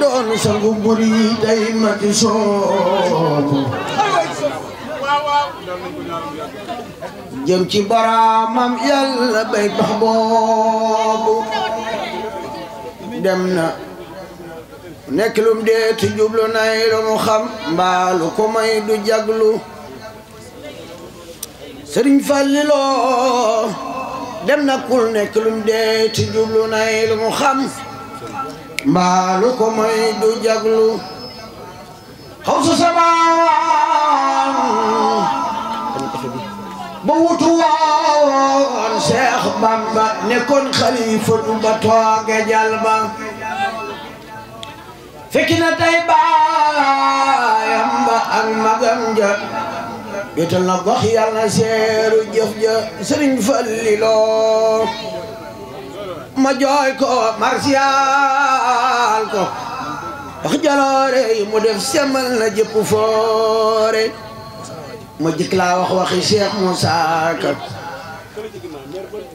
ka sangu buri day Macky jëm ci baraamam yàlla bay bax dem na nekk lum dee ti jublu nay lu xam mbaalu ko may du jaglu sëriñ Falliloo dem na kul nekk lum dee ti jublu nay lu xam mbaalu ko moy du jaglu xaw sa ba wutu woon Seex Bamba nekkoon xalifa ba tooge na tey ba ak magam ja bital na gox yàlla seeru jëf ja Sëriñ Fallilu ma jooy ko martial ko wax jaloore yi mu def semal na jëpp foore ma jëkk laa wax waxi Cheikh Moussa Ka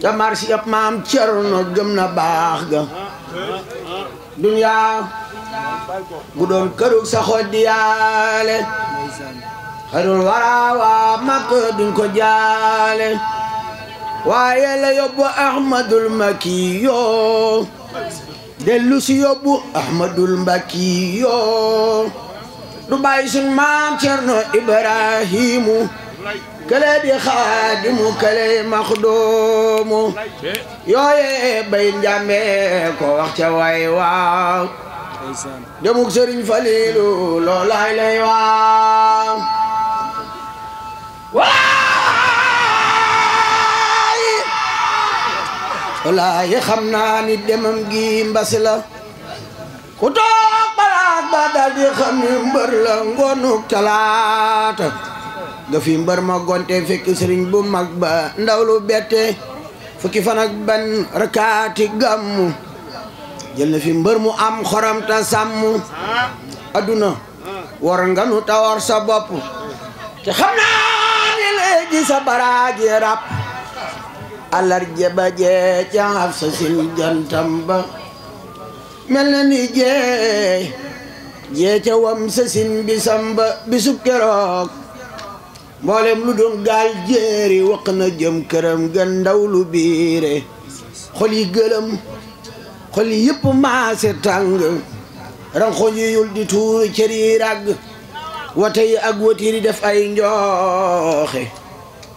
te marsi yëpp maam Cerno gëm na baax ga dunyaa bu doon kërug sa xoddi xarul waraa waa màkk ko jaale waaye la yóbbu ahmadul maki yoo yóbbu ahmadul maki du bàyyi sun maam cerno ibrahimu di xaadimu kële maxdoomu yooye bay njàmbe ko wax ca way waaw demuk loolaay lay waaw wallaahi xam naa ni demam gi mbasi la ku toog balaat ba dal xam ni mbër la ngoonuk talaata nga fi mbër ma gonte fekk sëriñ bu mag ba ndaw lu fukki fan ak ban rakaati gàmmu jël fi mbër mu am xorom ta sàmm adduna war nga nu tawar sa bopp te xam naa ni léegi sa baraaji ràpp alarje ba jee ca Hafsa sin ba mel na ni jee jee ca wam sa sin bisam ba bisub keroog mboolem lu doon gaal jéeri wax na jëm këram gën ndaw lu biire xol yi gëlëm xol yi yëpp maase tàng ranxoñ yi yul di tuuru cër yi ràgg yi ak watiiri def ay njooxe